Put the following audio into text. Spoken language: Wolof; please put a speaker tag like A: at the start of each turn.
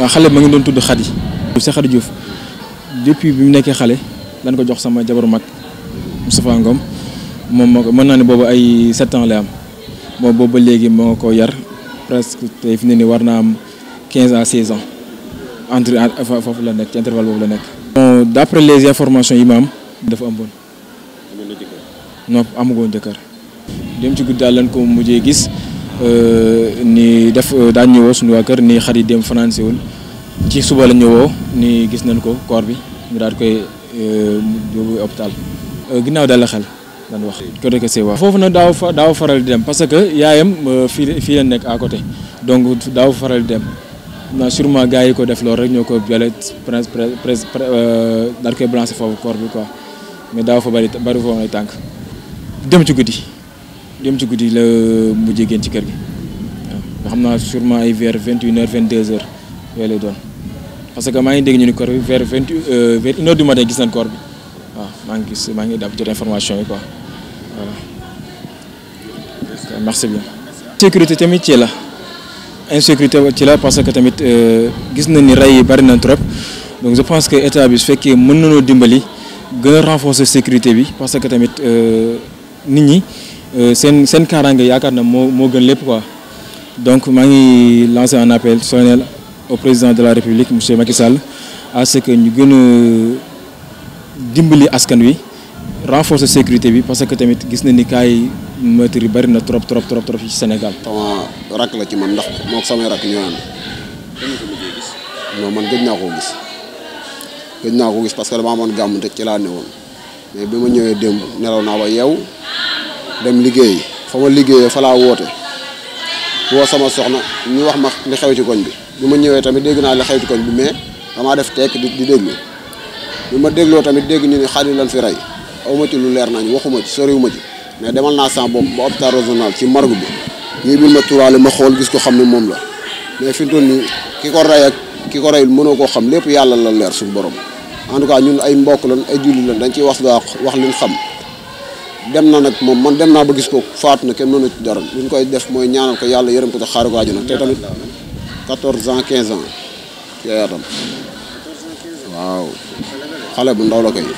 A: Euh, xale ma ngi doon tudd Khady Cheikh Khady Diouf depuis bi mu nekkee xale dañ ko jox sama jabaru mag Moustapha Ngom moom moo ko mën naa ne boobu ay set ans la am moom boobu ba léegi moo ko yar presque fi ne ni war naa am quinze à seize ans entre foofu la nekk ci intervalle boobu la nekk. bon d' les informations yi ma dafa am bon non jëkkër dem ci daal lañ ko mujjee gis euh, ni def euh, daañu ñëwoo suñu waa kër ni xarit dem fanaan si woon ci suba la ñëwoo ni gis nañ ko corps bi ñu daal koy euh, hôpital euh, ginnaaw daal la xel dañ wax côté Kër foofu nag daaw daaw faral di dem parce que yaayam euh, fii fii la nekk à côté donc daaw faral di dem na sûrement gars yi ko def loolu rek ñoo ko jëlee prince prince daal koy branché foofu corps bi quoi mais daaw fa bari bari foofu ay tànk dem ci guddi dem ci guddi la mujjee génn ci kër gi waaw xam naa sûrement ay vers vingt une heures vingt deux heures yooyu lay doon parce que maa ngi dégg ñu ni corps vers vingt euh, vers une du matin gis nañ corps bi waaw maa ngi gis maa information quoi voilà merci bien. sécurité tamit ci la insécurité ci la parce que tamit euh, gis nañ ni rey yi bari na trop donc je pense que état bi su fekkee mën nañoo dimbali gën a renforcer sécurité bi parce que tamit euh, nit ñi seen seen kaaraange yaakaar na moo moo gën lépp quoi donc maa ngi lancer un appel solennel au président de la République M. Macky Sall à ce que nous sécurité parce que nous trop trop trop trop Sénégal.
B: la parce que bi ma ñëwee tamit dégg naa li xew ci bi mais damaa def tekk di di déglu bi ma dégloo tamit dégg ñu ne xale lan fi rey aw ma ci lu leer nañ waxuma ci soriwuma ci mais demal naa sama bopp ba hôpital régional ci margu bi ñuy bil ma turaale ma xool gis ko xam ne moom la mais fi mu toll nii ki ko rey ak ki ko reyul mënoo koo xam lépp yàlla la leer suñu borom en tout cas ñun ay mbokk lan ay julli lan dañ ciy wax daa wax liñ xam dem na nag moom man dem naa ba gis ko faatu na kenn mënu ci dara li koy def mooy ñaanal ko yàlla yërëm ko te xaaru quatorze ans quinze ans ci ay atam waaw xale bu ndaw la koy